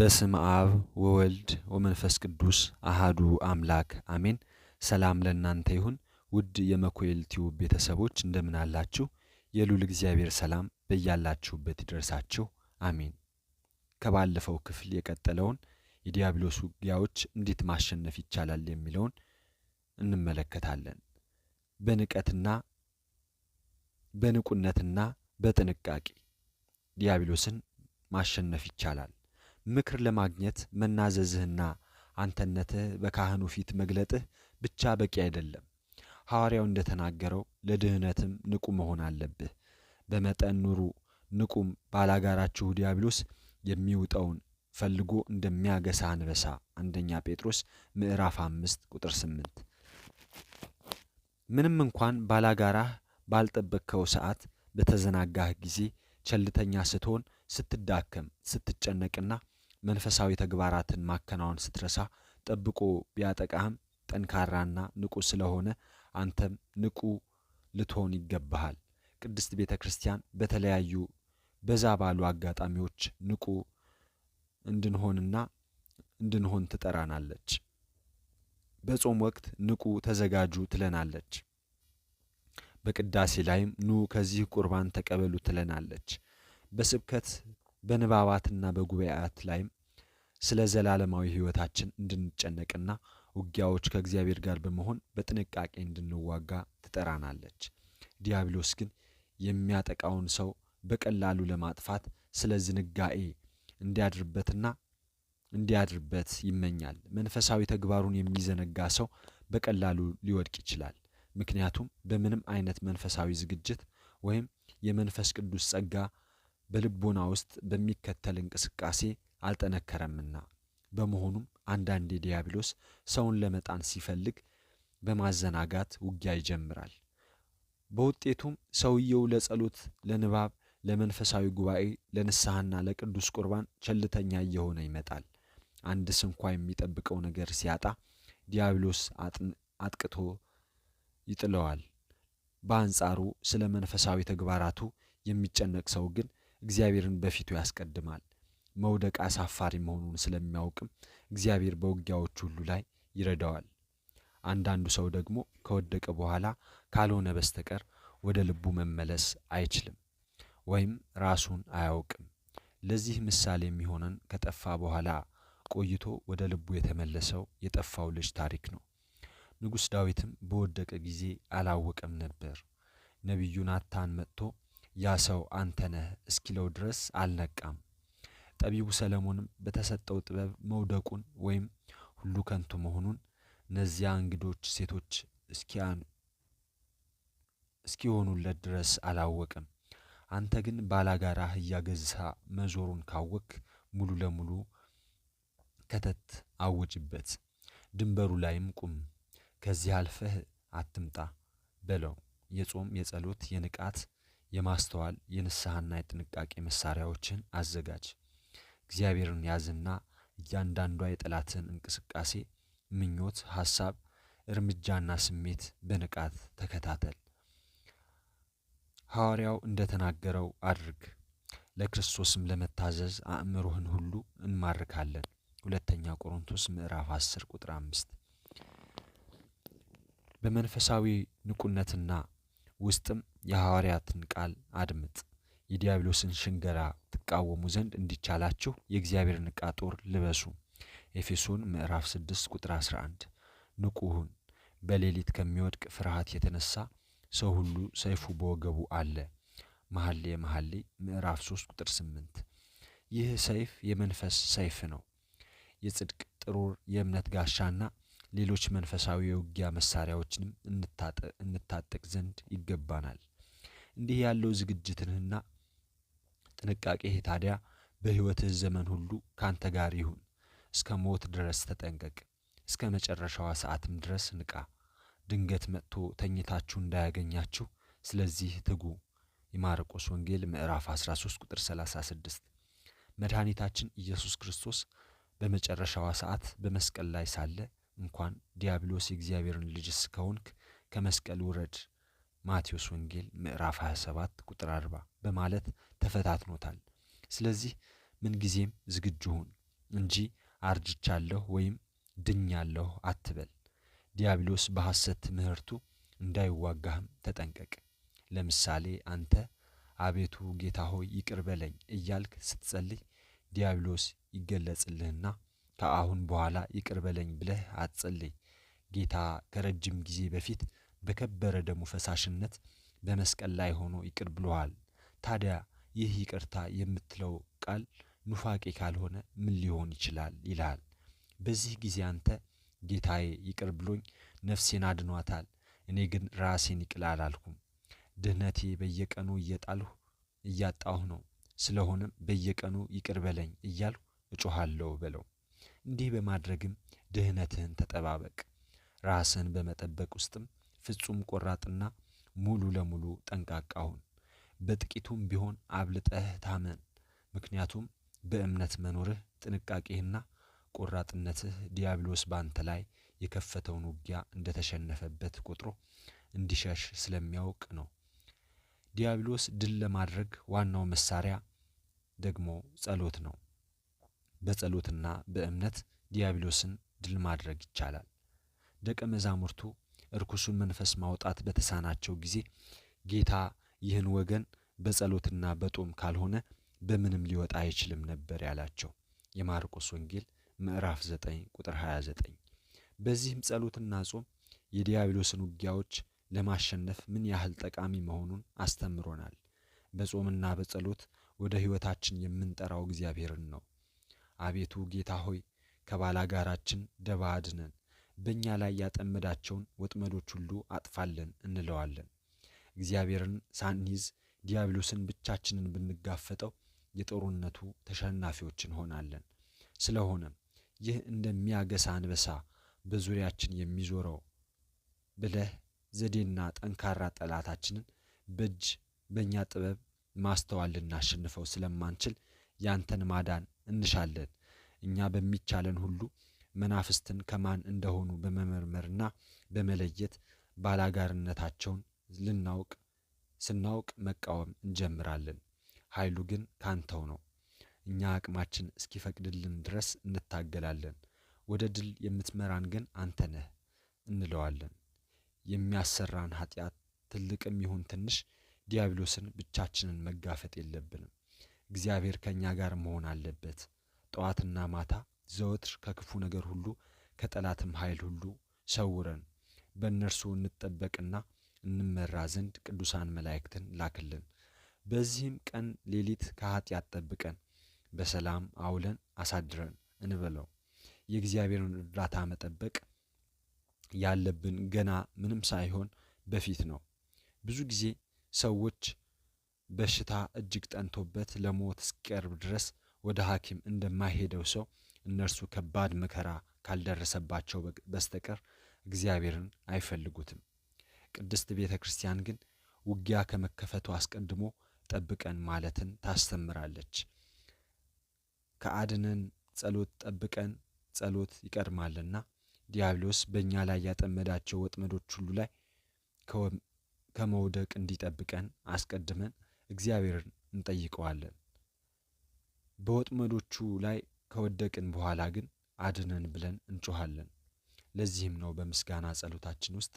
በስም አብ ወወልድ ወመንፈስ ቅዱስ አሃዱ አምላክ አሜን። ሰላም ለእናንተ ይሁን። ውድ የመኮኤል ቲዩብ ቤተሰቦች እንደምን አላችሁ? የሉል እግዚአብሔር ሰላም በያላችሁበት ይደርሳችሁ አሜን። ከባለፈው ክፍል የቀጠለውን የዲያብሎስ ውጊያዎች እንዴት ማሸነፍ ይቻላል የሚለውን እንመለከታለን። በንቀትና በንቁነትና በጥንቃቄ ዲያብሎስን ማሸነፍ ይቻላል። ምክር ለማግኘት መናዘዝህና አንተነትህ በካህኑ ፊት መግለጥህ ብቻ በቂ አይደለም። ሐዋርያው እንደተናገረው ለድህነትም ንቁ መሆን አለብህ። በመጠን ኑሩ፣ ንቁም፣ ባላጋራችሁ ዲያብሎስ የሚውጠውን ፈልጎ እንደሚያገሳ አንበሳ። አንደኛ ጴጥሮስ ምዕራፍ አምስት ቁጥር ስምንት ምንም እንኳን ባላጋራህ ባልጠበቅከው ሰዓት በተዘናጋህ ጊዜ ቸልተኛ ስትሆን ስትዳከም ስትጨነቅና መንፈሳዊ ተግባራትን ማከናወን ስትረሳ ጠብቆ ቢያጠቃህም ጠንካራና ንቁ ስለሆነ አንተም ንቁ ልትሆን ይገባሃል። ቅድስት ቤተ ክርስቲያን በተለያዩ በዛ ባሉ አጋጣሚዎች ንቁ እንድንሆንና እንድንሆን ትጠራናለች። በጾም ወቅት ንቁ ተዘጋጁ ትለናለች። በቅዳሴ ላይም ኑ ከዚህ ቁርባን ተቀበሉ ትለናለች። በስብከት በንባባትና በጉባኤያት ላይም ስለ ዘላለማዊ ሕይወታችን እንድንጨነቅና ውጊያዎች ከእግዚአብሔር ጋር በመሆን በጥንቃቄ እንድንዋጋ ትጠራናለች። ዲያብሎስ ግን የሚያጠቃውን ሰው በቀላሉ ለማጥፋት ስለ ዝንጋኤ እንዲያድርበትና እንዲያድርበት ይመኛል። መንፈሳዊ ተግባሩን የሚዘነጋ ሰው በቀላሉ ሊወድቅ ይችላል። ምክንያቱም በምንም አይነት መንፈሳዊ ዝግጅት ወይም የመንፈስ ቅዱስ ጸጋ በልቦና ውስጥ በሚከተል እንቅስቃሴ አልጠነከረምና በመሆኑም አንዳንዴ ዲያብሎስ ሰውን ለመጣን ሲፈልግ በማዘናጋት ውጊያ ይጀምራል። በውጤቱም ሰውየው ለጸሎት፣ ለንባብ፣ ለመንፈሳዊ ጉባኤ፣ ለንስሐና ለቅዱስ ቁርባን ቸልተኛ እየሆነ ይመጣል። አንድ ስንኳ የሚጠብቀው ነገር ሲያጣ ዲያብሎስ አጥቅቶ ይጥለዋል። በአንጻሩ ስለ መንፈሳዊ ተግባራቱ የሚጨነቅ ሰው ግን እግዚአብሔርን በፊቱ ያስቀድማል። መውደቅ አሳፋሪ መሆኑን ስለሚያውቅም እግዚአብሔር በውጊያዎች ሁሉ ላይ ይረዳዋል። አንዳንዱ ሰው ደግሞ ከወደቀ በኋላ ካልሆነ በስተቀር ወደ ልቡ መመለስ አይችልም ወይም ራሱን አያውቅም። ለዚህ ምሳሌ የሚሆነን ከጠፋ በኋላ ቆይቶ ወደ ልቡ የተመለሰው የጠፋው ልጅ ታሪክ ነው። ንጉሥ ዳዊትም በወደቀ ጊዜ አላወቀም ነበር። ነቢዩ ናታን መጥቶ ያ ሰው አንተ ነህ እስኪለው ድረስ አልነቃም። ጠቢቡ ሰለሞንም በተሰጠው ጥበብ መውደቁን ወይም ሁሉ ከንቱ መሆኑን እነዚያ እንግዶች ሴቶች እስኪሆኑለት ድረስ አላወቅም። አንተ ግን ባላጋራህ እያገዝህ መዞሩን ካወክ ሙሉ ለሙሉ ከተት አውጭበት፣ ድንበሩ ላይም ቁም፣ ከዚህ አልፈህ አትምጣ በለው። የጾም የጸሎት፣ የንቃት፣ የማስተዋል፣ የንስሐና የጥንቃቄ መሳሪያዎችን አዘጋጅ። እግዚአብሔርን ያዝና እያንዳንዷ የጠላትን እንቅስቃሴ፣ ምኞት፣ ሐሳብ፣ እርምጃና ስሜት በንቃት ተከታተል። ሐዋርያው እንደተናገረው አድርግ። ለክርስቶስም ለመታዘዝ አእምሮህን ሁሉ እንማርካለን። ሁለተኛ ቆሮንቶስ ምዕራፍ 10 ቁጥር 5። በመንፈሳዊ ንቁነትና ውስጥም የሐዋርያትን ቃል አድምጥ። የዲያብሎስን ሽንገላ ትቃወሙ ዘንድ እንዲቻላችሁ የእግዚአብሔርን ዕቃ ጦር ልበሱ። ኤፌሶን ምዕራፍ 6 ቁጥር 11። ንቁሁን በሌሊት ከሚወድቅ ፍርሃት የተነሳ ሰው ሁሉ ሰይፉ በወገቡ አለ። መሐሌ መሐሌ ምዕራፍ 3 ቁጥር 8። ይህ ሰይፍ የመንፈስ ሰይፍ ነው። የጽድቅ ጥሩር፣ የእምነት ጋሻና ሌሎች መንፈሳዊ የውጊያ መሳሪያዎችንም እንታጠቅ ዘንድ ይገባናል። እንዲህ ያለው ዝግጅትንና ጥንቃቄህ ታዲያ በሕይወትህ ዘመን ሁሉ ካንተ ጋር ይሁን። እስከ ሞት ድረስ ተጠንቀቅ፣ እስከ መጨረሻዋ ሰዓትም ድረስ ንቃ። ድንገት መጥቶ ተኝታችሁ እንዳያገኛችሁ ስለዚህ ትጉ። የማርቆስ ወንጌል ምዕራፍ 13 ቁጥር 36። መድኃኒታችን ኢየሱስ ክርስቶስ በመጨረሻዋ ሰዓት በመስቀል ላይ ሳለ እንኳን ዲያብሎስ የእግዚአብሔርን ልጅ እስከሆንክ ከመስቀል ውረድ ማቴዎስ ወንጌል ምዕራፍ 27 ቁጥር 40 በማለት ተፈታትኖታል። ስለዚህ ምንጊዜም ዝግጁ ሁን እንጂ አርጅቻለሁ ወይም ድኛለሁ አትበል። ዲያብሎስ በሐሰት ትምህርቱ እንዳይዋጋህም ተጠንቀቅ። ለምሳሌ አንተ አቤቱ ጌታ ሆይ ይቅር በለኝ እያልክ ስትጸልይ ዲያብሎስ ይገለጽልህና ከአሁን በኋላ ይቅር በለኝ ብለህ አትጸልይ፣ ጌታ ከረጅም ጊዜ በፊት በከበረ ደሙ ፈሳሽነት በመስቀል ላይ ሆኖ ይቅር ብሎሃል። ታዲያ ይህ ይቅርታ የምትለው ቃል ኑፋቄ ካልሆነ ምን ሊሆን ይችላል ይልሃል። በዚህ ጊዜ አንተ ጌታዬ ይቅር ብሎኝ ነፍሴን አድኗታል፣ እኔ ግን ራሴን ይቅል አላልኩም። ድህነቴ በየቀኑ እየጣልሁ እያጣሁ ነው። ስለሆነም በየቀኑ ይቅር በለኝ እያልሁ እጮኋለሁ በለው። እንዲህ በማድረግም ድህነትህን ተጠባበቅ። ራስህን በመጠበቅ ውስጥም ፍጹም ቆራጥና ሙሉ ለሙሉ ጠንቃቃ ሁን። በጥቂቱም ቢሆን አብልጠህ ታመን። ምክንያቱም በእምነት መኖርህ ጥንቃቄህና ቆራጥነትህ ዲያብሎስ ባንተ ላይ የከፈተውን ውጊያ እንደተሸነፈበት ቆጥሮ እንዲሸሽ ስለሚያውቅ ነው። ዲያብሎስ ድል ለማድረግ ዋናው መሳሪያ ደግሞ ጸሎት ነው። በጸሎትና በእምነት ዲያብሎስን ድል ማድረግ ይቻላል። ደቀ መዛሙርቱ እርኩሱን መንፈስ ማውጣት በተሳናቸው ጊዜ ጌታ ይህን ወገን በጸሎትና በጦም ካልሆነ በምንም ሊወጣ አይችልም ነበር ያላቸው። የማርቆስ ወንጌል ምዕራፍ 9 ቁጥር 29። በዚህም ጸሎትና ጾም የዲያብሎስን ውጊያዎች ለማሸነፍ ምን ያህል ጠቃሚ መሆኑን አስተምሮናል። በጾምና በጸሎት ወደ ሕይወታችን የምንጠራው እግዚአብሔርን ነው። አቤቱ ጌታ ሆይ ከባላጋራችን ደባ አድነን፣ በእኛ ላይ ያጠመዳቸውን ወጥመዶች ሁሉ አጥፋለን እንለዋለን። እግዚአብሔርን ሳንይዝ ዲያብሎስን ብቻችንን ብንጋፈጠው የጦርነቱ ተሸናፊዎች እንሆናለን። ስለሆነም ይህ እንደሚያገሳ አንበሳ በዙሪያችን የሚዞረው ብለህ ዘዴና ጠንካራ ጠላታችንን በእጅ በእኛ ጥበብ ማስተዋል ልናሸንፈው ስለማንችል ያንተን ማዳን እንሻለን። እኛ በሚቻለን ሁሉ መናፍስትን ከማን እንደሆኑ በመመርመርና በመለየት ባላጋርነታቸውን ልናውቅ ስናውቅ መቃወም እንጀምራለን። ኃይሉ ግን ካንተው ነው። እኛ አቅማችን እስኪፈቅድልን ድረስ እንታገላለን። ወደ ድል የምትመራን ግን አንተ ነህ እንለዋለን። የሚያሰራን ኃጢአት ትልቅም ይሁን ትንሽ ዲያብሎስን ብቻችንን መጋፈጥ የለብንም። እግዚአብሔር ከእኛ ጋር መሆን አለበት። ጠዋትና ማታ ዘወትር ከክፉ ነገር ሁሉ ከጠላትም ኃይል ሁሉ ሰውረን በእነርሱ እንጠበቅና እንመራ ዘንድ ቅዱሳን መላእክትን ላክልን። በዚህም ቀን ሌሊት ከኃጢአት ጠብቀን በሰላም አውለን አሳድረን እንበለው። የእግዚአብሔርን እርዳታ መጠበቅ ያለብን ገና ምንም ሳይሆን በፊት ነው። ብዙ ጊዜ ሰዎች በሽታ እጅግ ጠንቶበት ለሞት እስኪቀርብ ድረስ ወደ ሐኪም እንደማይሄደው ሰው እነርሱ ከባድ መከራ ካልደረሰባቸው በስተቀር እግዚአብሔርን አይፈልጉትም። ቅድስት ቤተ ክርስቲያን ግን ውጊያ ከመከፈቱ አስቀድሞ ጠብቀን ማለትን ታስተምራለች። ከአድነን ጸሎት ጠብቀን ጸሎት ይቀድማልና ዲያብሎስ በእኛ ላይ ያጠመዳቸው ወጥመዶች ሁሉ ላይ ከመውደቅ እንዲጠብቀን አስቀድመን እግዚአብሔርን እንጠይቀዋለን። በወጥመዶቹ ላይ ከወደቅን በኋላ ግን አድነን ብለን እንጮሃለን ለዚህም ነው በምስጋና ጸሎታችን ውስጥ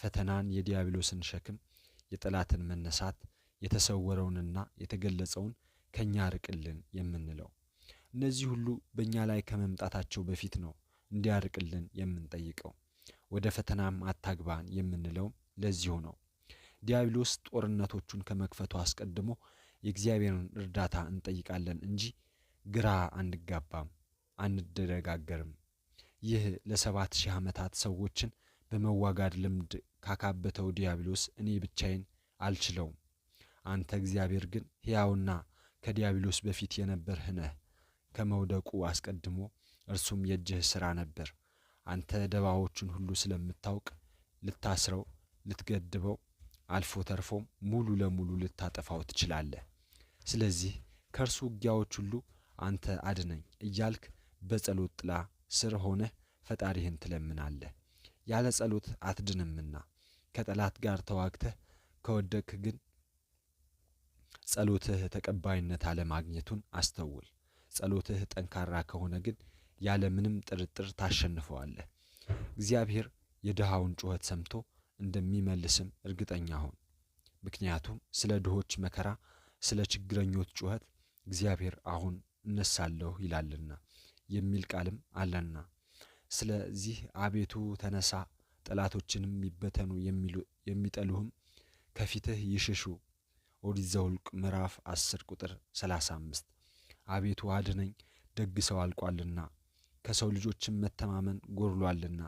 ፈተናን፣ የዲያብሎስን ሸክም፣ የጠላትን መነሳት፣ የተሰወረውንና የተገለጸውን ከእኛ ርቅልን የምንለው። እነዚህ ሁሉ በእኛ ላይ ከመምጣታቸው በፊት ነው እንዲያርቅልን የምንጠይቀው። ወደ ፈተናም አታግባን የምንለውም ለዚሁ ነው። ዲያብሎስ ጦርነቶቹን ከመክፈቱ አስቀድሞ የእግዚአብሔርን እርዳታ እንጠይቃለን እንጂ ግራ አንጋባም፣ አንደረጋገርም። ይህ ለሰባት ሺህ ዓመታት ሰዎችን በመዋጋድ ልምድ ካካበተው ዲያብሎስ እኔ ብቻዬን አልችለውም። አንተ እግዚአብሔር ግን ሕያውና ከዲያብሎስ በፊት የነበርህ ነህ። ከመውደቁ አስቀድሞ እርሱም የእጅህ ሥራ ነበር። አንተ ደባዎቹን ሁሉ ስለምታውቅ ልታስረው፣ ልትገድበው አልፎ ተርፎም ሙሉ ለሙሉ ልታጠፋው ትችላለህ። ስለዚህ ከእርሱ ውጊያዎች ሁሉ አንተ አድነኝ እያልክ በጸሎት ጥላ ስር ሆነህ ፈጣሪህን ትለምናለህ። ያለ ጸሎት አትድንምና ከጠላት ጋር ተዋግተህ ከወደክ ግን ጸሎትህ ተቀባይነት አለማግኘቱን አስተውል። ጸሎትህ ጠንካራ ከሆነ ግን ያለ ምንም ጥርጥር ታሸንፈዋለህ። እግዚአብሔር የድሃውን ጩኸት ሰምቶ እንደሚመልስም እርግጠኛ ሁን። ምክንያቱም ስለ ድሆች መከራ፣ ስለ ችግረኞች ጩኸት እግዚአብሔር አሁን እነሳለሁ ይላልና የሚል ቃልም አለና ስለዚህ አቤቱ ተነሳ፣ ጠላቶችንም ይበተኑ፣ የሚጠሉህም ከፊትህ ይሽሹ። ኦሪት ዘኍልቍ ምዕራፍ 10 ቁጥር 35። አቤቱ አድነኝ፣ ደግ ሰው አልቋልና ከሰው ልጆችም መተማመን ጎድሏልና።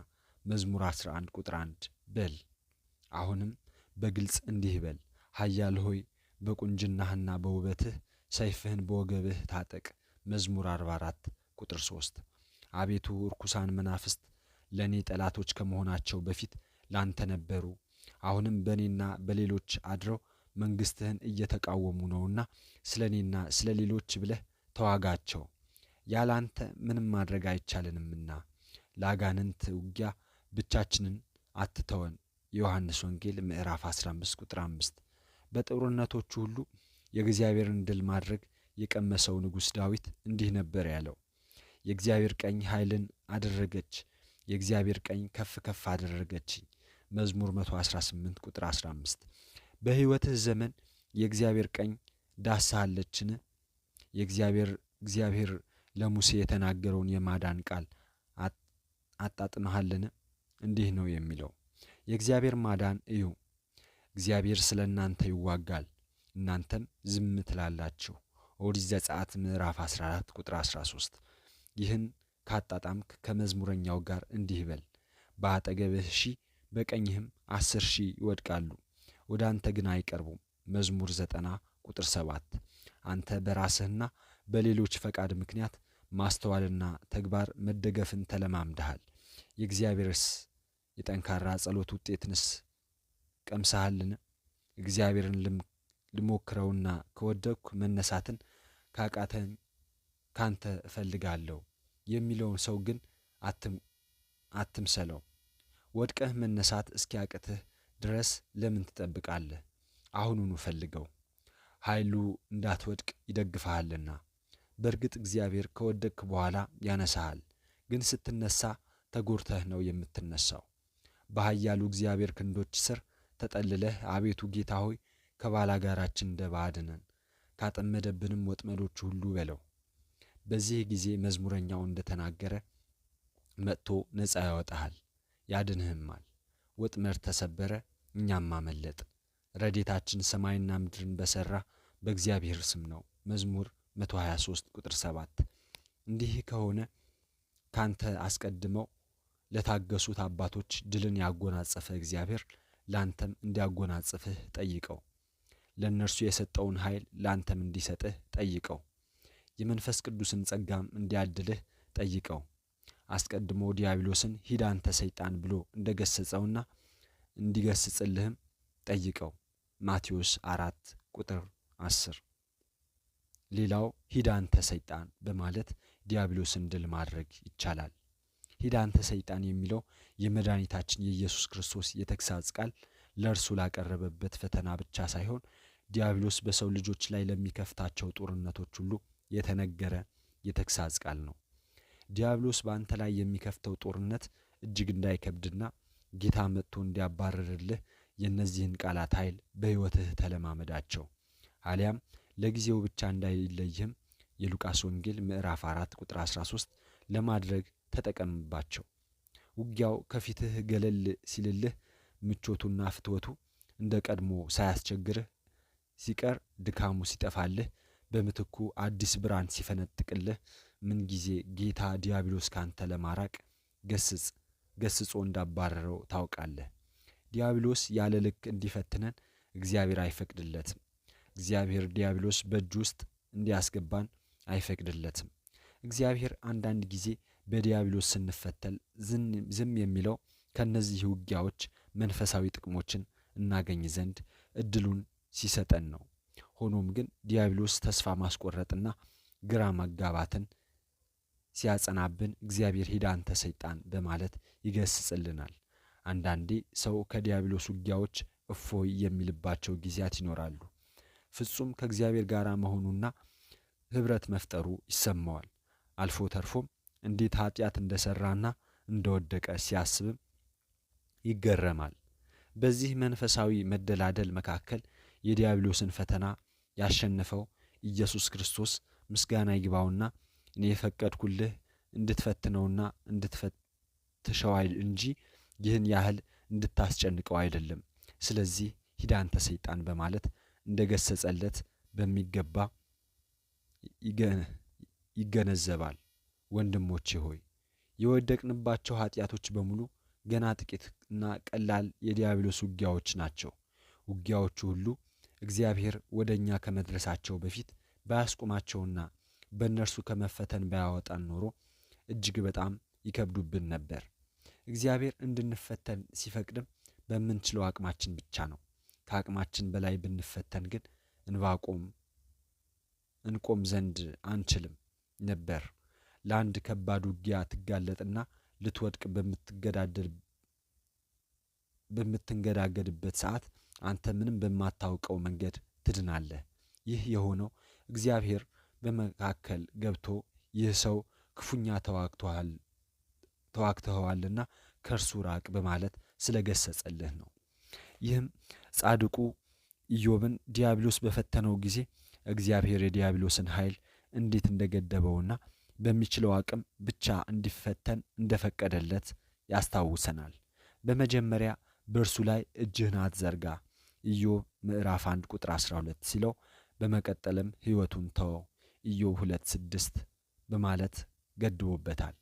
መዝሙር 11 ቁጥር 1 በል። አሁንም በግልጽ እንዲህ በል፣ ኃያል ሆይ በቁንጅናህና በውበትህ ሰይፍህን በወገብህ ታጠቅ መዝሙር 44 ቁጥር 3 አቤቱ እርኩሳን መናፍስት ለእኔ ጠላቶች ከመሆናቸው በፊት ላንተ ነበሩ፣ አሁንም በእኔና በሌሎች አድረው መንግሥትህን እየተቃወሙ ነውና ስለ እኔና ስለ ሌሎች ብለህ ተዋጋቸው። ያለ አንተ ምንም ማድረግ አይቻለንምና ለአጋንንት ውጊያ ብቻችንን አትተወን። ዮሐንስ ወንጌል ምዕራፍ 15 ቁጥር 5 በጦርነቶቹ ሁሉ የእግዚአብሔርን ድል ማድረግ የቀመሰው ንጉሥ ዳዊት እንዲህ ነበር ያለው፣ የእግዚአብሔር ቀኝ ኃይልን አደረገች፣ የእግዚአብሔር ቀኝ ከፍ ከፍ አደረገችኝ። መዝሙር 118 ቁጥር 15። በሕይወትህ ዘመን የእግዚአብሔር ቀኝ ዳሳለችን? የእግዚአብሔር እግዚአብሔር ለሙሴ የተናገረውን የማዳን ቃል አጣጥመሃልን? እንዲህ ነው የሚለው የእግዚአብሔር ማዳን እዩ። እግዚአብሔር ስለ እናንተ ይዋጋል፣ እናንተም ዝም ትላላችሁ። ኦሪት ዘጸአት ምዕራፍ 14 ቁጥር 13። ይህን ካጣጣምክ ከመዝሙረኛው ጋር እንዲህ በል፣ በአጠገብህ ሺህ በቀኝህም አስር ሺህ ይወድቃሉ፣ ወደ አንተ ግን አይቀርቡም። መዝሙር ዘጠና ቁጥር ሰባት አንተ በራስህና በሌሎች ፈቃድ ምክንያት ማስተዋልና ተግባር መደገፍን ተለማምደሃል። የእግዚአብሔርስ የጠንካራ ጸሎት ውጤትንስ ቀምሰሃልን? እግዚአብሔርን ልሞክረውና ከወደቅኩ መነሳትን ካቃተኝ ካንተ እፈልጋለሁ የሚለውን ሰው ግን አትምሰለው። ወድቀህ መነሳት እስኪያቅትህ ድረስ ለምን ትጠብቃለህ? አሁኑኑ ፈልገው፣ ኃይሉ እንዳትወድቅ ይደግፈሃልና። በእርግጥ እግዚአብሔር ከወደቅክ በኋላ ያነሳሃል፣ ግን ስትነሳ ተጎርተህ ነው የምትነሳው። በኃያሉ እግዚአብሔር ክንዶች ስር ተጠልለህ አቤቱ ጌታ ሆይ ከባላጋራችን ደባ አድነን ካጠመደብንም ወጥመዶች ሁሉ በለው። በዚህ ጊዜ መዝሙረኛው እንደተናገረ መጥቶ ነፃ ያወጣሃል፣ ያድንህማል። ወጥመድ ተሰበረ፣ እኛም አመለጥ። ረዴታችን ሰማይና ምድርን በሠራ በእግዚአብሔር ስም ነው። መዝሙር 123 ቁጥር 7 እንዲህ ከሆነ ካንተ አስቀድመው ለታገሱት አባቶች ድልን ያጎናጸፈ እግዚአብሔር ላንተም እንዲያጎናጽፍህ ጠይቀው። ለእነርሱ የሰጠውን ኃይል ለአንተም እንዲሰጥህ ጠይቀው። የመንፈስ ቅዱስን ጸጋም እንዲያድልህ ጠይቀው። አስቀድሞ ዲያብሎስን ሂድ አንተ ሰይጣን ብሎ ገሰጸውና እንዲገስጽልህም ጠይቀው። ማቴዎስ አራት ቁጥር አስር ሌላው ሂድ አንተ ሰይጣን በማለት ዲያብሎስን ድል ማድረግ ይቻላል። ሂድ አንተ ሰይጣን የሚለው የመድኃኒታችን የኢየሱስ ክርስቶስ የተግሳጽ ቃል ለእርሱ ላቀረበበት ፈተና ብቻ ሳይሆን ዲያብሎስ በሰው ልጆች ላይ ለሚከፍታቸው ጦርነቶች ሁሉ የተነገረ የተግሳጽ ቃል ነው። ዲያብሎስ በአንተ ላይ የሚከፍተው ጦርነት እጅግ እንዳይከብድና ጌታ መጥቶ እንዲያባረርልህ የእነዚህን ቃላት ኃይል በሕይወትህ ተለማመዳቸው። አሊያም ለጊዜው ብቻ እንዳይለይህም የሉቃስ ወንጌል ምዕራፍ 4 ቁጥር 13 ለማድረግ ተጠቀምባቸው። ውጊያው ከፊትህ ገለል ሲልልህ ምቾቱና ፍትወቱ እንደ ቀድሞ ሳያስቸግርህ ሲቀር ድካሙ ሲጠፋልህ በምትኩ አዲስ ብርሃን ሲፈነጥቅልህ ምንጊዜ ጌታ ዲያብሎስ ካንተ ለማራቅ ገስጽ ገስጾ እንዳባረረው ታውቃለህ። ዲያብሎስ ያለ ልክ እንዲፈትነን እግዚአብሔር አይፈቅድለትም። እግዚአብሔር ዲያብሎስ በእጅ ውስጥ እንዲያስገባን አይፈቅድለትም። እግዚአብሔር አንዳንድ ጊዜ በዲያብሎስ ስንፈተል ዝም የሚለው ከእነዚህ ውጊያዎች መንፈሳዊ ጥቅሞችን እናገኝ ዘንድ እድሉን ሲሰጠን ነው። ሆኖም ግን ዲያብሎስ ተስፋ ማስቆረጥና ግራ መጋባትን ሲያጸናብን እግዚአብሔር ሂድ አንተ ሰይጣን በማለት ይገስጽልናል። አንዳንዴ ሰው ከዲያብሎስ ውጊያዎች እፎይ የሚልባቸው ጊዜያት ይኖራሉ። ፍጹም ከእግዚአብሔር ጋር መሆኑና ኅብረት መፍጠሩ ይሰማዋል። አልፎ ተርፎም እንዴት ኃጢአት እንደሠራና እንደወደቀ ሲያስብም ይገረማል። በዚህ መንፈሳዊ መደላደል መካከል የዲያብሎስን ፈተና ያሸነፈው ኢየሱስ ክርስቶስ ምስጋና ይግባውና እኔ የፈቀድኩልህ እንድትፈትነውና እንድትፈትሸው እንጂ ይህን ያህል እንድታስጨንቀው አይደለም። ስለዚህ ሂድ አንተ ሰይጣን በማለት እንደገሰጸለት በሚገባ ይገነዘባል። ወንድሞቼ ሆይ የወደቅንባቸው ኃጢአቶች በሙሉ ገና ጥቂት እና ቀላል የዲያብሎስ ውጊያዎች ናቸው። ውጊያዎቹ ሁሉ እግዚአብሔር ወደ እኛ ከመድረሳቸው በፊት ባያስቆማቸውና በእነርሱ ከመፈተን ባያወጣን ኖሮ እጅግ በጣም ይከብዱብን ነበር። እግዚአብሔር እንድንፈተን ሲፈቅድም በምንችለው አቅማችን ብቻ ነው። ከአቅማችን በላይ ብንፈተን ግን እንባቆም እንቆም ዘንድ አንችልም ነበር። ለአንድ ከባድ ውጊያ ትጋለጥና ልትወድቅ በምትገዳደር በምትንገዳገድበት ሰዓት አንተ ምንም በማታውቀው መንገድ ትድናለህ። ይህ የሆነው እግዚአብሔር በመካከል ገብቶ ይህ ሰው ክፉኛ ተዋግተኸዋልና ከእርሱ ራቅ በማለት ስለገሰጸልህ ነው። ይህም ጻድቁ ኢዮብን ዲያብሎስ በፈተነው ጊዜ እግዚአብሔር የዲያብሎስን ኃይል እንዴት እንደገደበውና በሚችለው አቅም ብቻ እንዲፈተን እንደፈቀደለት ያስታውሰናል። በመጀመሪያ በእርሱ ላይ እጅህን አትዘርጋ ኢዮብ ምዕራፍ 1 ቁጥር 12 ሲለው በመቀጠልም ሕይወቱን ተወው ኢዮብ 2 ስድስት በማለት ገድቦበታል።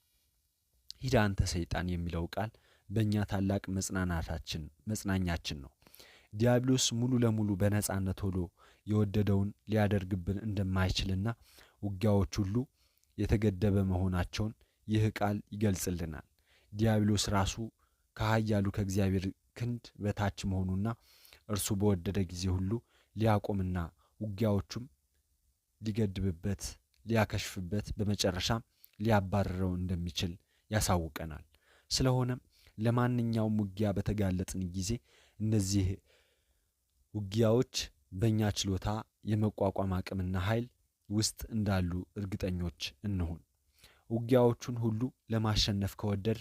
ሂድ አንተ ሰይጣን የሚለው ቃል በእኛ ታላቅ መጽናናታችን መጽናኛችን ነው። ዲያብሎስ ሙሉ ለሙሉ በነጻነት ሆኖ የወደደውን ሊያደርግብን እንደማይችልና ውጊያዎች ሁሉ የተገደበ መሆናቸውን ይህ ቃል ይገልጽልናል። ዲያብሎስ ራሱ ከኃያሉ ከእግዚአብሔር ክንድ በታች መሆኑና እርሱ በወደደ ጊዜ ሁሉ ሊያቆምና ውጊያዎቹም ሊገድብበት፣ ሊያከሽፍበት፣ በመጨረሻም ሊያባርረው እንደሚችል ያሳውቀናል። ስለሆነም ለማንኛውም ውጊያ በተጋለጥን ጊዜ እነዚህ ውጊያዎች በእኛ ችሎታ የመቋቋም አቅምና ኃይል ውስጥ እንዳሉ እርግጠኞች እንሁን። ውጊያዎቹን ሁሉ ለማሸነፍ ከወደድ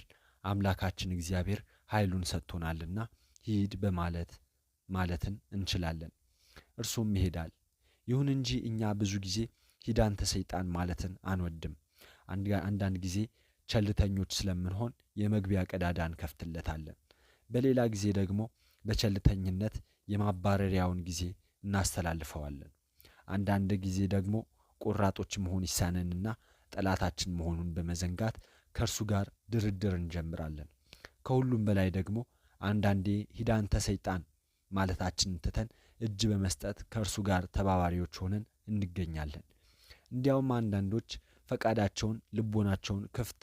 አምላካችን እግዚአብሔር ኃይሉን ሰጥቶናልና ሂድ በማለት ማለትን እንችላለን። እርሱም ይሄዳል። ይሁን እንጂ እኛ ብዙ ጊዜ ሂድ አንተ ሰይጣን ማለትን አንወድም። አንዳንድ ጊዜ ቸልተኞች ስለምንሆን የመግቢያ ቀዳዳ እንከፍትለታለን። በሌላ ጊዜ ደግሞ በቸልተኝነት የማባረሪያውን ጊዜ እናስተላልፈዋለን። አንዳንድ ጊዜ ደግሞ ቆራጦች መሆን ይሳነንና ጠላታችን መሆኑን በመዘንጋት ከእርሱ ጋር ድርድር እንጀምራለን። ከሁሉም በላይ ደግሞ አንዳንዴ ሂድ አንተ ሰይጣን ማለታችንን ትተን እጅ በመስጠት ከእርሱ ጋር ተባባሪዎች ሆነን እንገኛለን። እንዲያውም አንዳንዶች ፈቃዳቸውን፣ ልቦናቸውን ክፍት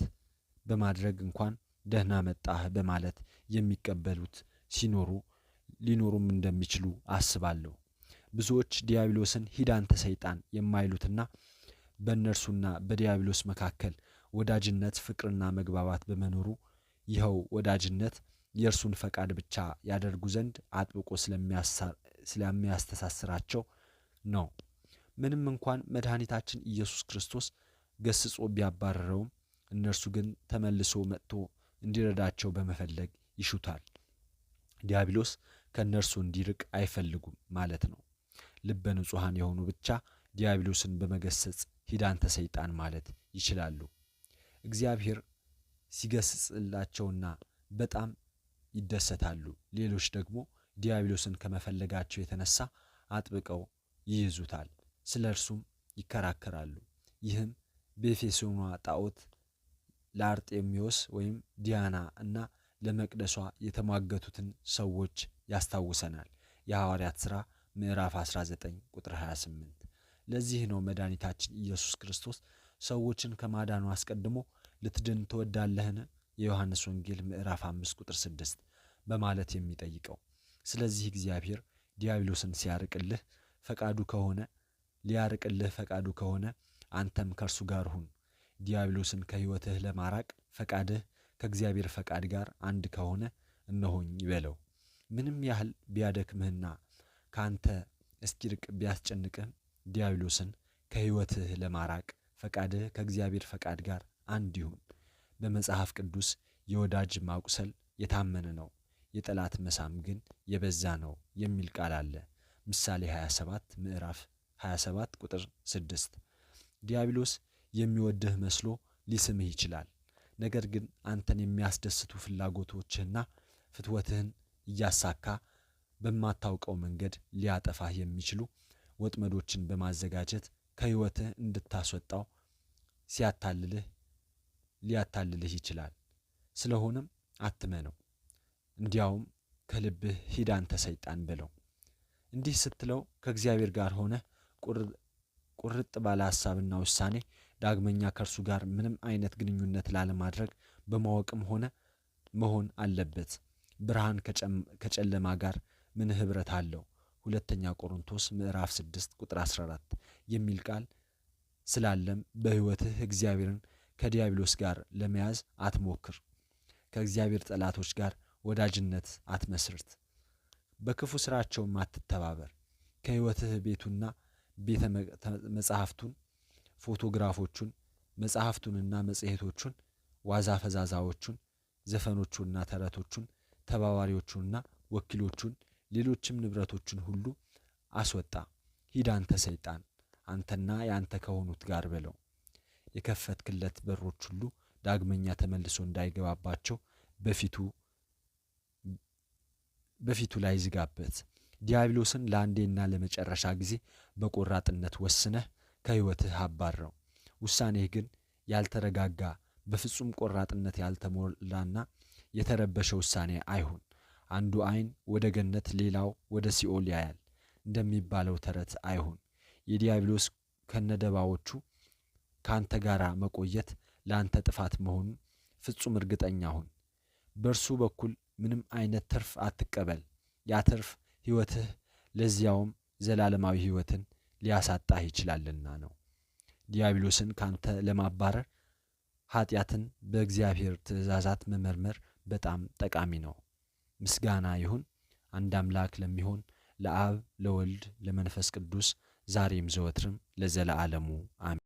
በማድረግ እንኳን ደህና መጣህ በማለት የሚቀበሉት ሲኖሩ ሊኖሩም እንደሚችሉ አስባለሁ። ብዙዎች ዲያብሎስን ሂድ አንተ ሰይጣን የማይሉትና በእነርሱና በዲያብሎስ መካከል ወዳጅነት፣ ፍቅርና መግባባት በመኖሩ ይኸው ወዳጅነት የእርሱን ፈቃድ ብቻ ያደርጉ ዘንድ አጥብቆ ስለሚያስተሳስራቸው ነው። ምንም እንኳን መድኃኒታችን ኢየሱስ ክርስቶስ ገስጾ ቢያባረረውም እነርሱ ግን ተመልሶ መጥቶ እንዲረዳቸው በመፈለግ ይሹታል። ዲያብሎስ ከእነርሱ እንዲርቅ አይፈልጉም ማለት ነው። ልበ ንጹሐን የሆኑ ብቻ ዲያብሎስን በመገሰጽ ሂዳንተ ሰይጣን ማለት ይችላሉ። እግዚአብሔር ሲገስጽላቸውና በጣም ይደሰታሉ፣ ሌሎች ደግሞ ዲያብሎስን ከመፈለጋቸው የተነሳ አጥብቀው ይይዙታል፣ ስለ እርሱም ይከራከራሉ። ይህም በኤፌሶኗ ጣዖት ለአርጤሚዎስ ወይም ዲያና እና ለመቅደሷ የተሟገቱትን ሰዎች ያስታውሰናል። የሐዋርያት ሥራ ምዕራፍ 19 ቁጥር 28። ለዚህ ነው መድኃኒታችን ኢየሱስ ክርስቶስ ሰዎችን ከማዳኑ አስቀድሞ ልትድን ትወዳለህን? የዮሐንስ ወንጌል ምዕራፍ 5 ቁጥር 6 በማለት የሚጠይቀው። ስለዚህ እግዚአብሔር ዲያብሎስን ሲያርቅልህ ፈቃዱ ከሆነ ሊያርቅልህ ፈቃዱ ከሆነ አንተም ከእርሱ ጋር ሁን። ዲያብሎስን ከሕይወትህ ለማራቅ ፈቃድህ ከእግዚአብሔር ፈቃድ ጋር አንድ ከሆነ እነሆኝ ይበለው። ምንም ያህል ቢያደክምህና ከአንተ እስኪርቅ ቢያስጨንቅህ ዲያብሎስን ከሕይወትህ ለማራቅ ፈቃድህ ከእግዚአብሔር ፈቃድ ጋር አንድ ይሁን። በመጽሐፍ ቅዱስ የወዳጅ ማቁሰል የታመነ ነው። የጠላት መሳም ግን የበዛ ነው የሚል ቃል አለ። ምሳሌ 27 ምዕራፍ 27 ቁጥር 6 ዲያብሎስ የሚወድህ መስሎ ሊስምህ ይችላል። ነገር ግን አንተን የሚያስደስቱ ፍላጎቶችህና ፍትወትህን እያሳካ በማታውቀው መንገድ ሊያጠፋህ የሚችሉ ወጥመዶችን በማዘጋጀት ከሕይወትህ እንድታስወጣው ሲያታልልህ ሊያታልልህ ይችላል። ስለሆነም አትመነው። እንዲያውም ከልብህ ሂድ አንተ ሰይጣን በለው። እንዲህ ስትለው ከእግዚአብሔር ጋር ሆነ ቁርጥ ባለ ሐሳብና ውሳኔ ዳግመኛ ከእርሱ ጋር ምንም አይነት ግንኙነት ላለማድረግ በማወቅም ሆነ መሆን አለበት። ብርሃን ከጨለማ ጋር ምን ኅብረት አለው? ሁለተኛ ቆሮንቶስ ምዕራፍ 6 ቁጥር 14 የሚል ቃል ስላለም በሕይወትህ እግዚአብሔርን ከዲያብሎስ ጋር ለመያዝ አትሞክር። ከእግዚአብሔር ጠላቶች ጋር ወዳጅነት አትመስርት። በክፉ ስራቸውም አትተባበር። ከህይወትህ ቤቱና ቤተ መጽሐፍቱን፣ ፎቶግራፎቹን፣ መጽሐፍቱንና መጽሔቶቹን፣ ዋዛ ፈዛዛዎቹን፣ ዘፈኖቹና ተረቶቹን፣ ተባባሪዎቹንና ወኪሎቹን፣ ሌሎችም ንብረቶቹን ሁሉ አስወጣ። ሂድ አንተ ሰይጣን፣ አንተና የአንተ ከሆኑት ጋር በለው። የከፈትክለት በሮች ሁሉ ዳግመኛ ተመልሶ እንዳይገባባቸው በፊቱ በፊቱ ላይ ዝጋበት። ዲያብሎስን ለአንዴና ለመጨረሻ ጊዜ በቆራጥነት ወስነህ ከሕይወትህ አባረው። ውሳኔህ ግን ያልተረጋጋ በፍጹም ቆራጥነት ያልተሞላና የተረበሸ ውሳኔ አይሁን። አንዱ ዓይን ወደ ገነት ሌላው ወደ ሲኦል ያያል እንደሚባለው ተረት አይሁን። የዲያብሎስ ከነደባዎቹ ከአንተ ጋር መቆየት ለአንተ ጥፋት መሆኑን ፍጹም እርግጠኛ ሁን። በእርሱ በኩል ምንም አይነት ትርፍ አትቀበል። ያ ትርፍ ሕይወትህ ለዚያውም ዘላለማዊ ሕይወትን ሊያሳጣህ ይችላልና ነው። ዲያብሎስን ካንተ ለማባረር ኃጢአትን በእግዚአብሔር ትእዛዛት መመርመር በጣም ጠቃሚ ነው። ምስጋና ይሁን አንድ አምላክ ለሚሆን ለአብ ለወልድ ለመንፈስ ቅዱስ ዛሬም ዘወትርም ለዘለዓለሙ አሜን።